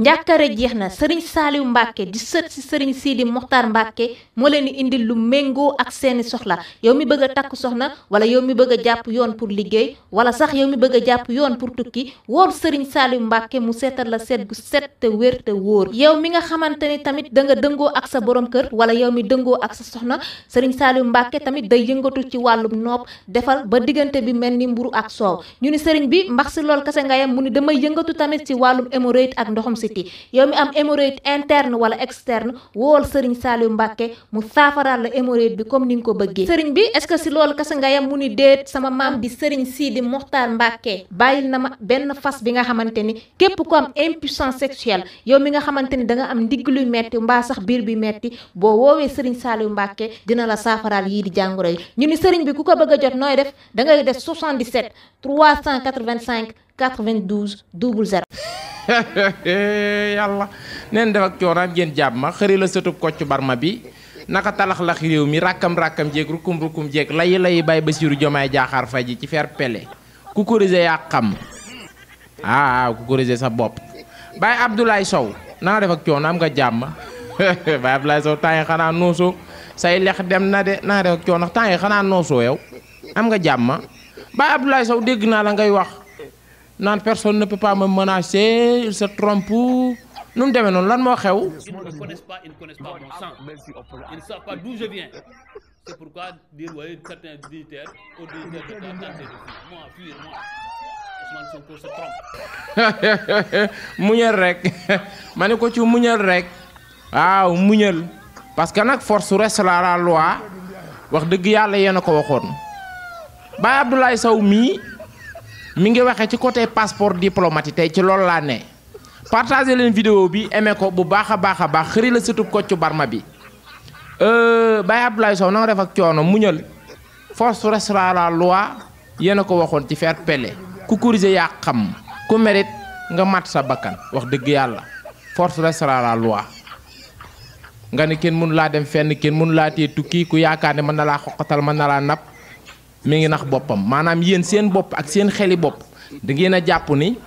njàkkare jeex na sëriñ saaliw mbàkke di sët si sëriñ siidi moxtaar mbàkke moo leen di indil lu méngoo ak seeni soxla yow mi bëgg a takk soxna wala yow mi bëgg a jàpp yoon pour liggéey wala sax yow mi bëgg a jàpp yoon pour tukki wool sëriñ saaliw mbàkke mu seetal la seet gu wér te wóor yow mi nga xamante ni tamit da nga dëngoo ak sa borom kër wala yow mi dëngoo ak soxna sëriñ saaliw mbàkke tamit day yëngatu ci wàllum nopp defal ba diggante bi mel ni mburu ak soow ñu ni sëriñ bi mbax si lool kase nga yam mu ni damay yëngatu tamit ci wàllum hémorroïde ak ndoxum si métti yow mi am hémorroïde interne wala externe wool sëriñ Saliou Mbacke mu saafaraal la hémorroïde bi comme ni nga ko bëggee sëriñ bi est-ce que si loolu kese nga yam mu ni déet sama maam di sëriñ Sidi Mokhtar Mbacke bàyyil na ma benn fas bi nga xamante ni képp ko am impuissance sexuelle yow mi nga xamante ni da nga am ndigg luy metti mbaa sax biir bi metti boo woowee sëriñ Saliou Mbacke dina la saafaraal yii di jàngoro yi ñu ni sëriñ bi ku ko bëgg a jot nooy def da ngay def 77 cinq 92 00. yàlla neen def ak coonaam ngeen jàpp ma xëri la sëtub kocc barma bi naka talax lax réew mi rakkam rakkam jeeg rukum rukum jeeg layi layi bay Basiiru Jomaay Jaaxaar Fay ji ci fer pele ku corrigé yaa xam ah ku corrigé sa bopp Baye Abdoulaye Sow nanga def ak coonaam nga jàpp ma Baye Abdoulaye Sow say lex dem na de nanga def ak xanaa noosoo yow am nga jàpp ma Baye Sow dégg naa la ngay wax. non personne ne peut pas me menacer il se trompe ou... ils ne pas ils ne connaissent pas mon sang ils ne savent pas d'où je viens c'est pourquoi dire certains militaires de moi fuir moi se parce que force reste la loi wax qui a ko Abdoulaye mi ngi waxe ci côté passeport diplomatique tay ci lool la né partager len vidéo bi aimé ko bu baakha baakha baax xëri la ko ci barma bi euh, Baye Abdoulaye Sow na def ak ciono muñal force restera la loi yéena ko waxon ci faire pele ku corriger ya xam ku mérite nga mat sa bakkan wax deug yalla force restera la loi nga ne ken mun la dem fenn ken mun la tee tukki ku man na mi ngi nax bopam manam yeen seen bop ak seen xeli bop da ngeen a ni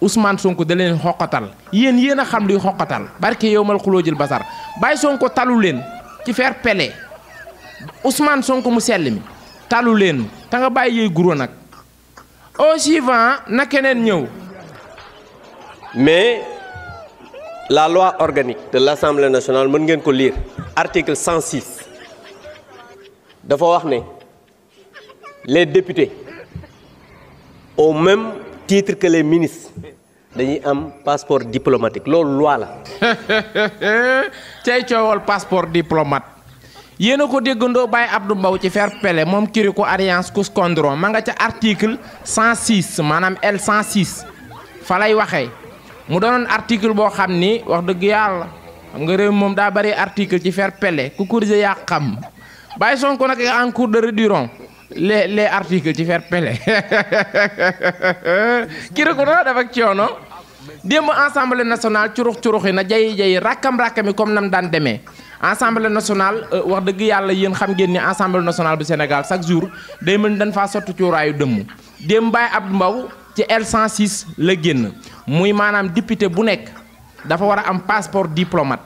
Ousmane Sonko da len xokatal yeen yeena a xam li xokatal barke yowmal khulujil basar Bay Sonko talu len ci fer pele Ousmane Sonko mu sell mi talu len ta nga bàyyi yey guro nak au suivant na keneen ñew mais la loi organique de l'Assemblée nationale mën ngeen ko lire article 106 dafa wax ne. les députés au même titre que les ministres dañuy un passeport diplomatique la loi la. cay le passeport diplomate Je ne ko pas bay Abdou Mbaw ci fer pele mom Kirikou Alliance Cous Condron ma nga article 106 Manam L 106 falay waxé mu article bo xamni wax deug yalla xam nga rew mom da bari article ci fer pele ku ya yaa xam Baye Sonko nak en cours de les les articles ci fer pele Kirikou dana def ak coono démb assemblée nationale curux curuxi na jayi jayi rakkam rakkami comme nam daan demee assemblée nationale euh, wax dëgg yàlla yéen xam ngeen ni assemblée nationale bu Sénégal chaque jour day mel dañ faa sotti cuuraayu dëmm démb Baye Abdou mbaw ci L106 la génn muy maanaam député bu nekk dafa war a am passeport diplomate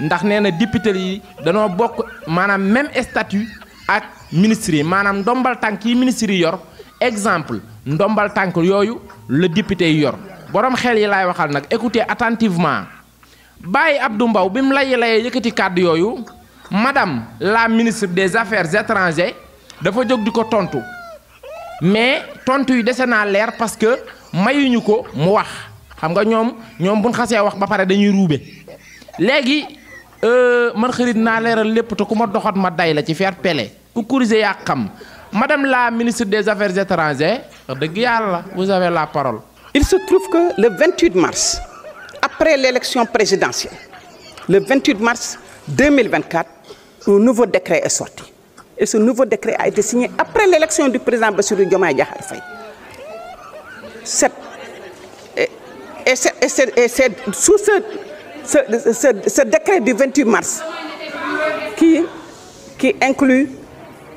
ndax nee na député yi danoo bokk maanaam même statut ak ministres yi maanaam ndombal tànk yi ministres yor exemple ndombal tànk yooyu la député yi yor borom xel yi laay waxal nag écoutez attentivement bàyyi du mbaw bi mu lay layee yëkkati kàddu yooyu madame la ministre des affaires étrangères dafa jóg di ko tontu mais tontu yu dese naa leer parce que mayuñu ko mu wax xam nga ñoom ñoom buñ xasee wax ba pare dañuy ruube léegi euh, man xarit naa leeral lépp te ku ma doxat ma day la ci fair pele à madame la ministre des affaires étrangères vous avez la parole. il se trouve que le 28 mars après l'élection présidentielle le 28 mars 2024 un nouveau décret est sorti et ce nouveau décret a été signé après l'élection du président Bassirou Diomaye et c'est sous ce ce décret du 28 mars qui qui inclut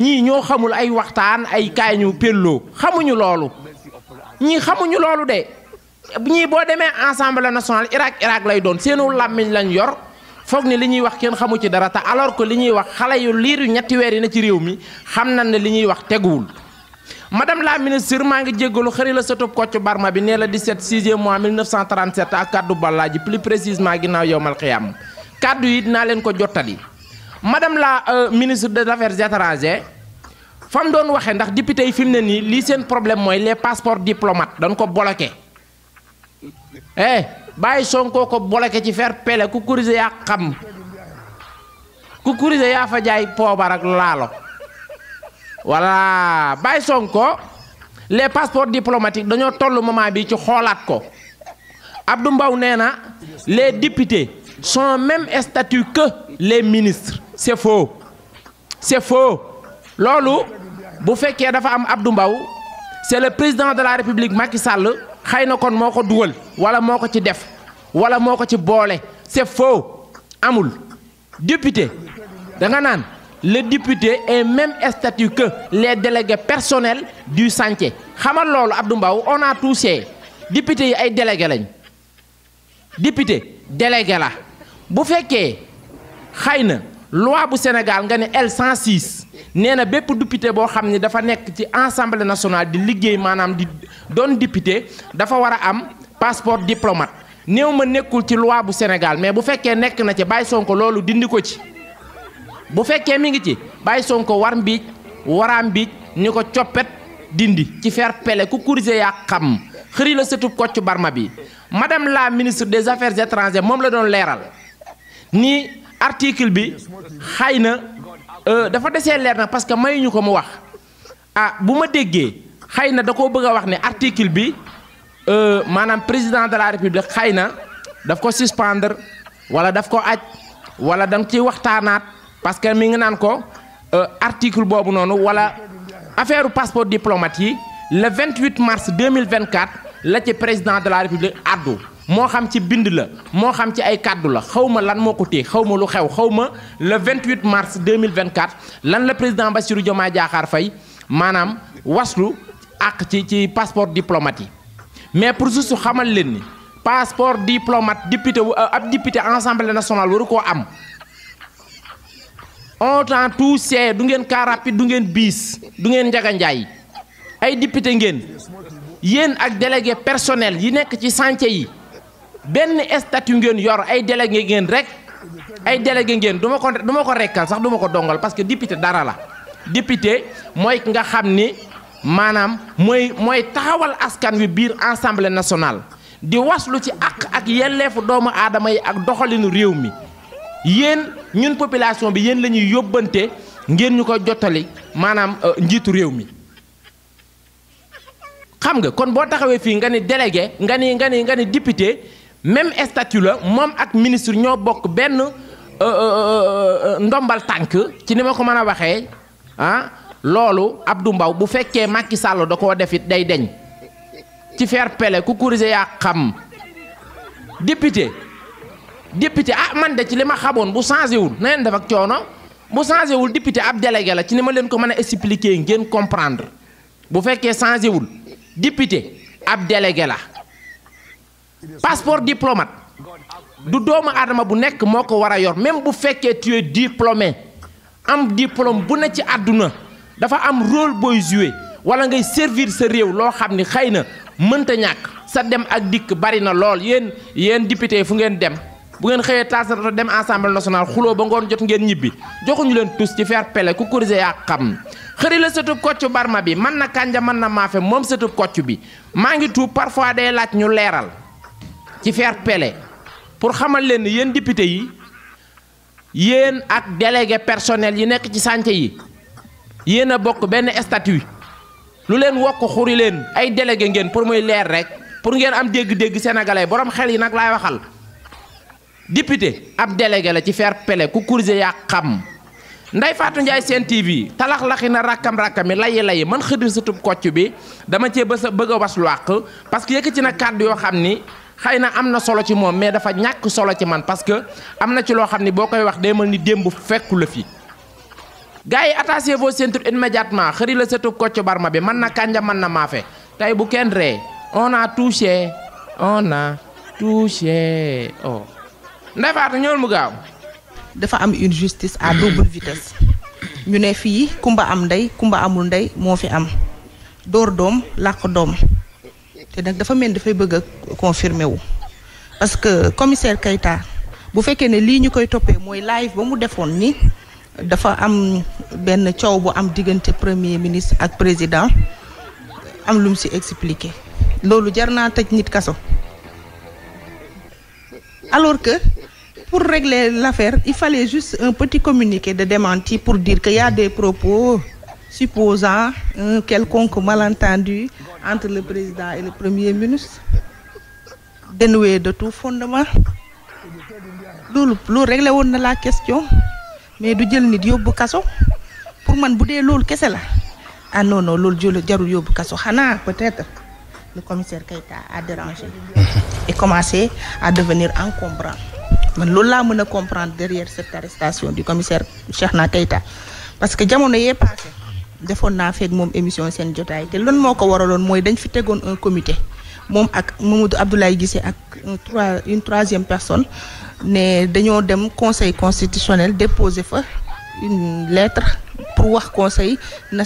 ñii ñoo xamul ay waxtaan ay kaay ñu pelloo xamuñu loolu ñii xamuñu loolu de ñii boo demee assemblée nationale Irak Irak lay doon seenu làmmiñ lañ yor foog ni li ñuy wax kenn xamu ci dara te alors que li ñuy wax xale yu liir yu ñetti weer yi na ci réew mi xam nañ ne li ñuy wax teguwul. madame la ministre maa ngi jéggalu xëri la satub kocc barma bi nee la 17 6e mois 1937 ak kaddu ballaa ji plus précisément ginnaaw yowmal xiyaam kaddu yi dinaa leen ko jottali. madame la euh, ministre des affaires étrangères femme mu doon waxee ndax député yi fi ni, li sen problème mooy les passeports diplomates dañ ko bloqué eh bàyyi Sonko ko bloquer ci faire pele ku kurise yaa xam ku kurise fa jaay poobar ak laalo voilà sont Sonko les passeports diplomatiques dañoo toll moment bi ci xoolaat ko Abdou Mbow les députés sont même statut que les ministres c'est faux c'est faux vous bu qu'il dafa am Abdou c'est le président de la République Macky Sall xëy na kon moo ko wala moo ci def wala moo ko ci bolé. c'est faux amul député da nga le député est même statut que les délégués personnels du chantier xamal lolo Abdou on a touché député yi ay délégué lañ député délégué la bu faites xëy loi bu Sénégal nga L106 nee na bépp député boo xam ne dafa nekk ci assemblée nationale di liggéey maanaam di doon député dafa war am passeport diplomate néew ma nekkul ci loi bu Sénégal mais bu fekkee nekk na ci bàyyi Sonko loolu dindi ko ci bu fekkee mi ngi ci bàyyi Sonko war mbiij waraam mbiij ni ko dindi ci faire pele ku kurise yaa xam xëri la sëtub kocc barma bi madame la ministre des affaires étrangères moom la doon leeral nii article bi xay na euh, dafa desee leer na parce que mayuñu ko mu wax ah bu ma déggee xëy na da koo bëgg wax ni article bi euh, maanaam président de la république xay na daf ko suspendre wala daf ko aj wala danga nga ciy waxtaanaat parce que mi ngi naan ko euh, article boobu noonu wala affaire passeport diplomate yi le 28 mars 2024 la ci président de la république addu mo xam ci bind la mo xam ci ay cadeau la xawma lan moko ko xawma lu xew xawma le 28 mars 2024 lan le président Bassirou Diomaye jaxar fay manam waslu ak ci ci passeport diplomatique mais pour juste xamal len ni passeport diplomate député euh, ab député ensemble national waru ko am on tant tous ces du ngeen car rapide du ngeen bis du ngeen njaga njaay ay député ngeen yen ak délégué personnel yi nek ci chantier yi benn statut ngeen yor ay délégué ngeen rek ay délégué ngeen duma ko du ko rekkal sax duma ko dongal parce que député dara la député mooy nga xam ni maanaam mooy mooy taxawal askan wi biir assemblée nationale di waslu ci àq ak yelleefu doomu aadama yi ak doxalinu réew mi yéen ñun population bi yéen la ñuy yóbbante ngeen ñu ko jottali maanaam euh, njiitu réew mi xam nga kon boo taxawee fii nga ni délégué nga ni nga ni nga ni député même statut même mom ak ministre ñoo bokk euh, euh, euh, euh ndombal vous ci nima ko mën waxé hein ah Abdou vous bu féké Macky Sall da day deñ ci faire pele ku xam député député ah man de ci ma bu changé wul vous def ak changé wul député ab délégué la ci nima expliquer comprendre bu féké changé wul député ab délégué passeport diplomate du doomu aadama bu nekk moo ko war a yor même bu fekkee tu es diplômé am diplôme bu ne ci àdduna dafa am rôle booy jouer wala ngay servir sa réew loo xam ni xëy na mënta ñàkk sa dem ak dikk bari na lool yéen yen député fu ngeen dem bu ngeen xëyee taasarata dem assemblée nationale xuloo ba ngoon jot ngeen ñibbi joxuñu leen tous ci faire pele ku kurise yaa xam xëri la sëtub kocc barma bi mën na kànja mën na maafe moom sëtub kocc bi maa ngi tuub parfois day laaj ñu leeral ci fair pelé pour xamal yen yeen yen député yi yeen ak délégué personnel yi nek ci santé yi yeen a bok ben statut lu len wok xuri len ay délégué ngeen pour moy lèr rek pour ngeen am dégg-dégg sénégalais borom xel yi nak lay waxal député ab délégué la ci fair pelé ku course ya xam nday Fatou njaay Sen tv talax-laxi rakam rakami lay lay man xëdir sutub koccu bi dama ci bëgg lu parce que yëkkati na kàddu yo xamni ni xëy na am na solo ci moom mais dafa ñàkk solo ci man parce que am na ci loo xam ne boo koy wax demal ni démb fekku la fi gars yi attachez vos ceintures immédiatement xëri la sëtu Kocc Barma bi mën na kànja mën na maafe tey bu kenn ree on a touché on a touché oh Ndeye Fatou mu gaaw dafa am une justice à double vitesse ñu ne fii kumba am ndey kumba amul ndey moo fi am door doom làq doom te nag dafa mel confirmer parce que commissaire vous bu fekkee ne lii ñu koy live ba mu ni dafa am premier ministre président am lu expliqué alors que pour régler l'affaire il fallait juste un petit communiqué de démenti pour dire qu'il y a des propos supposant un quelconque malentendu entre le président et le premier ministre dénoué de tout fondement nous, réglé la question mais du nit pour ah non non peut-être le commissaire Keïta a dérangé et commencé à devenir encombrant mais derrière cette arrestation du commissaire parce que jamono est passé defoon naa feeg moom émission seen jotaay te loolu moo ko waraloon dañ fi un comité moom ak Mamadou Abdoulaye Gissé, ak une troisième personne ne dañoo dem conseil constitutionnel déposer fa une lettre pour wax conseil na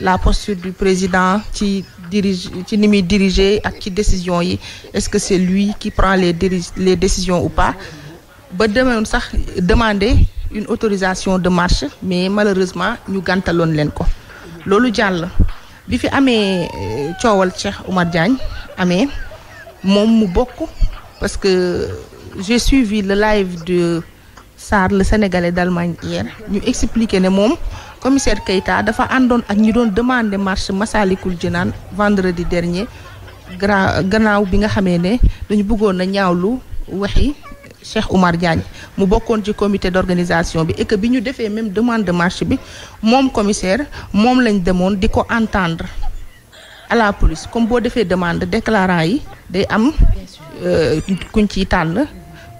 la posture du président ci dirige ci ni muy diriger ak ci décision yi est-ce que c'est lui qui prend les les décisions ou pas ba demoon sax demander une autorisation de marche mais malheureusement ñu gàntaloon leen ko loolu jàll bi fi amee euh, coowal Cheikh Oumar Diagne amee moom mu bokk parce que j'ai suivi le live de Sarr le sénégalais d'Allemagne hier ñu expliqué ne moom commissaire kayta dafa àndoon ak ñi doon demandé marche Massalikul Jinaan vendredi dernier gannaaw bi nga xamee ne dañu bëggoon a ñaawlu waxi Cheikh Oumar Diagne mu bokkoon ci comité d'organisation bi et que bi ñu defee même demande de marche bi moom commissaire moom lañ demoon di ko entendre à la police comme boo defee demande déclarant yi day am euh, kuñ ciy tànn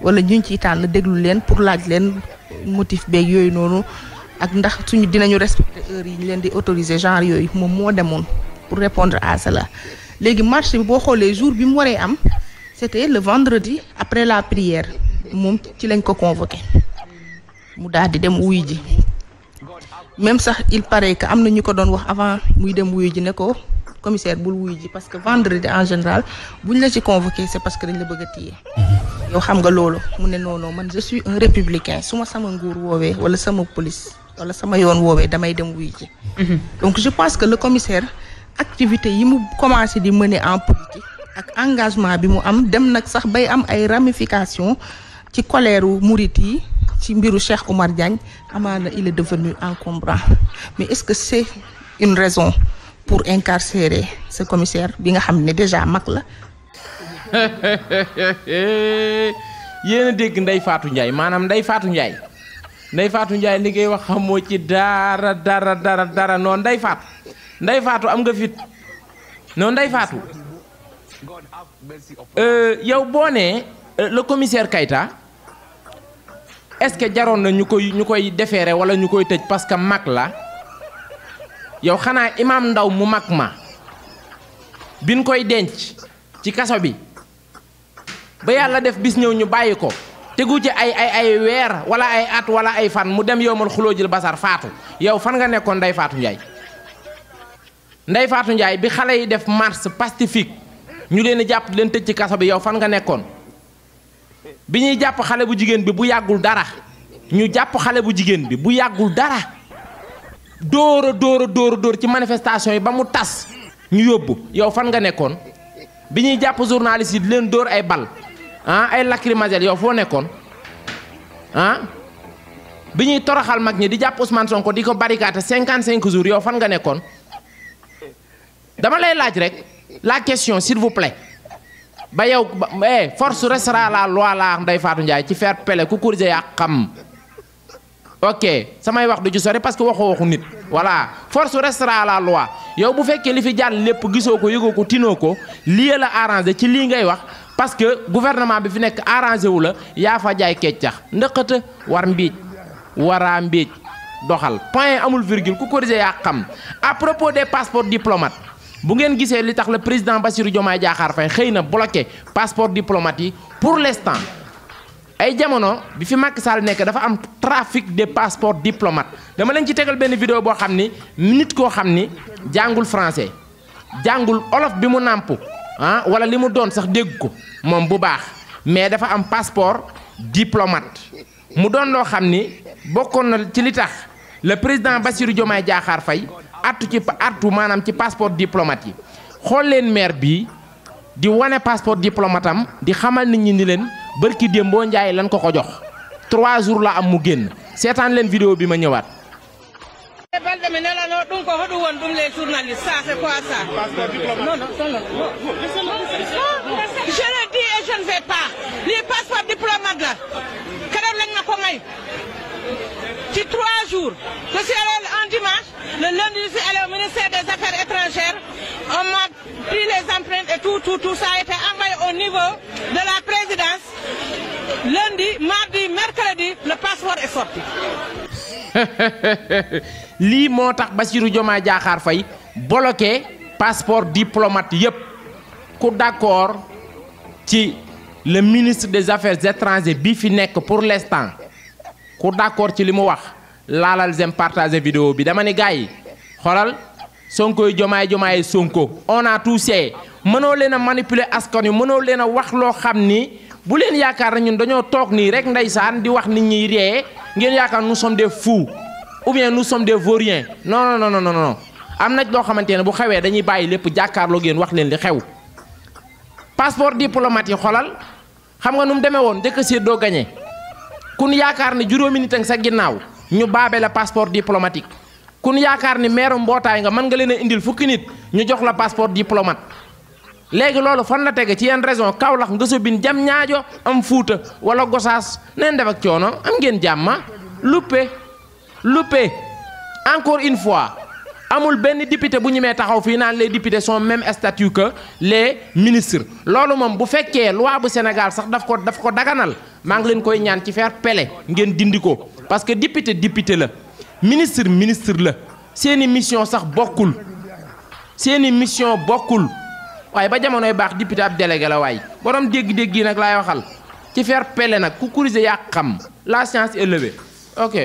wala ñuñ ciy tànn déglu leen pour laaj leen motif beeg yooyu noonu ak ndax suñu dinañu respecter heure yi ñu leen di autoriser genre yooyu moom moo demoon pour répondre à cela léegi marche bi boo xoolee jour bi mu waree am c'était le vendredi après la prière moom ci lañ ko convoqué mu daal di dem wuy ji même sax il paraît que am na ñu ko doon wax avant muy dem wuy ji ne ko commissaire bul wuy ji parce que vendredi en général buñ la ci convoqué c'est parce que dañ la bëgg a téye yow xam nga loolu mu ne non non man je suis un républicain su ma sama nguur woowee wala sama police wala sama yoon woowee damay dem wuy ji donc je pense que le commissaire activité yi mu commencé di mener en politique ak engagement bi mu am dem nag sax bay am ay ramifications ci colère mouride ci Omar il est devenu encombrant mais est-ce que c'est une raison pour incarcérer ce commissaire bi nga déjà mak la. a Fatou Fatou Fatou ci dara dara dara dara non Fatou Fatou am nga fit non euh, euh, le commissaire Kaita. est-ce que jaroon na ñu koy ñu koy defeere wala ñu koy tëj parce que mag la yow xanaa imaam ndaw mu mag ma biñ koy denc ci kaso bi ba yàlla def bis ñëw ñu bàyyi ko tegu ci ay ay ay weer wala ay at wala ay fan mu dem yowmal xulóojil basar faatu yow fan nga nekkoon Ndeye faatu Ndiaye Ndeye Fatou Ndiaye bi xale yi def marche pacifique ñu leen jàpp leen tëj ci kaso bi yow fan nga nekkoon bi ñuy jàpp xale bu jigéen bi bu yàggul dara ñu jàpp xale bu jigéen bi bu yàggul dara dóor a dóor dóor dóor ci manifestation yi ba mu tas ñu yóbbu yow fan nga nekkoon bi ñuy jàpp journaliste yi di leen dóor ay bal ah ay lacrymogène yow foo nekkoon ah bi ñuy toroxal mag ñi di jàpp Ousmane Sonko di ko barricade cinquante cinq jours yow fan nga nekkoon dama lay laaj rek la question s'il vous ba yow eh force restera la loi la Ndeye ci fair play ku corrigé yaa xam ok samay wax du ci sori parce que waxoo waxu nit voilà force restera la loi yow bu fekkee li fi jàll lépp gisoo ko yëgoo ko tinoo ko lii la arrangé ci lii ngay wax parce que gouvernement bi fi nekk arrangé wu la yaa jaay keccax ndëqata war mbiij waraa mbiij doxal point amul virgule ku corrigé yaa xam à propos des passeports diplomates bu ngeen gisee li tax la président Bassirou Diomaye jaaxaar Faye xëy na bloqué passeport diplomate yi pour l'instant ay jamono bi fi Macky Sall nekk dafa am trafic de passeport diplomate dama leen ci tegal benn vidéo boo xam ni nit koo xam ni jàngul français jàngul olof bi mu nàmp ah wala li mu doon sax dégg ko moom bu baax mais dafa am passeport diplomate mu doon loo xam ni bokkoon na ci li tax le président Bassirou Diomaye Diakhar fay artu ci artu maanaam ci passeport diplomate yi xool leen maire bii di wane passeport diplomate di xamal nit ñi ni leen bërki déem boo njaay ko ko jox trois jours la am mu génn seetaan leen vidéo bi ma ñëwaat balɗe mi nelano ɗum ko passeport diplomate la keɗen legna ko ngay ci trois jours je suis allée un dimanche le lundi je suis allée au ministère des affaires étrangères on m'a pris les empreintes et tout tout tout ça a été envoyé au niveau de la présidence lundi mardi mercredi le passeport est sorti Li motax tax Bassirou Diakhar Fay bloqué passeport diplomate Coup d'accord ci le ministre des affaires étrangères bi pour l'instant ku d'accord ci li mu wax laalal zem partager vidéo bi dama ni gars yi xoolal sonkoy jomaay jomaay sonko on a tout mënoo leen a manipuler askan wi mënoo leen a wax loo xam ni bu leen yaakaar na ñun dañoo toog nii rek ndeysaan di wax nit ñi ree ngeen yaakaar nous sommes des fous ou bien nous sommes des vauriens non non non am na loo xamante ne bu xewee dañuy bàyyi lépp jàkkaarloo ngeen wax leen li xew passeport diplomate yi xoolal xam nga nu mu demee woon njëkk a séddoo gagné. kun yaakaar ne juróomi nit ak sa ginnaaw ñu baabe la passeport diplomatique kun yaakaar ni meeru mbootaay nga mën nga leen indil fukki nit ñu jox la passeport diplomate léegi loolu fan la tege ci yenn raison Kaolack Ngësobin jam ñaajo am fuuta wala gosaas neen def ak coono am ngeen jàmma ah? luppe luppe encore une fois amul benn député bu ñu mee taxaw fii naan les députés sont même statut que les ministres loolu moom bu fekkee loi bu Sénégal sax daf ko daf ko daganal maa ngi leen koy ñaan ci faire pele ngeen dindi ko parce que député député Le ministre ministre c'est une mission sax c'est une mission bokul waye ba jamono baax député ab délégué la waye borom dégg-dégg yi nag laay waxal ci faire pele nak ku ya yaa xam la science est levée ok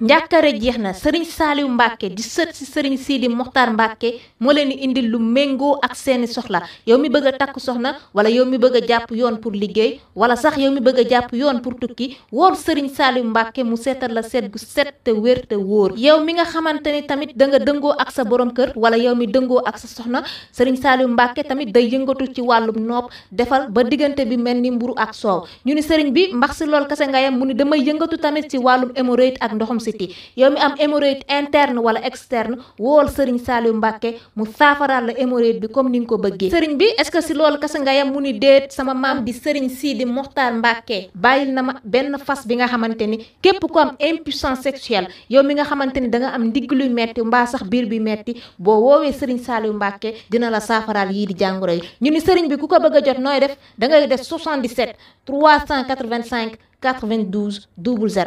njàkkare jeex na sëriñ saaliw mbàkke di sët si sëriñ siidi moxtaar mbàkke moo leen di indi lu méngoo ak seeni soxla yow mi bëgg a takk soxna wala yow mi bëgg a jàpp yoon pour liggéey wala sax yow mi bëgg a jàpp yoon pour tukki wool sëriñ saaliw mbàkke mu seetal la seet gu set te wér te wóor yow mi nga xamante ni tamit da nga dëngoo ak sa borom kër wala yow mi dëngoo ak soxna sëriñ saaliw mbàkke tamit day yëngatu ci wàllum nopp defal ba diggante bi mel ni mburu ak soow ñu ni sëriñ bi mbax si lool kase nga yam mu ni damay yëngatu tamit ci wàllum hémorroïde ak ndoxum city yow mi am hémorroïde interne wala externe wool sëriñ Saliou Mbacke mu saafaraal la hémorroïde bi comme ni nga ko bëggee sëriñ bi est-ce que si loolu kese nga yam mu ni déet sama maam di sëriñ Sidi Mokhtar Mbacke bàyyil na ma benn fas bi nga xamante ni képp ko am impuissance sexuelle yow mi nga xamante ni da nga am ndigg luy metti mbaa sax biir bi metti boo woowee sëriñ Saliou Mbacke dina la saafaraal yii di jàngoro yi ñu ni sëriñ bi ku ko bëgg a jot nooy def da ngay def 77 385 92 00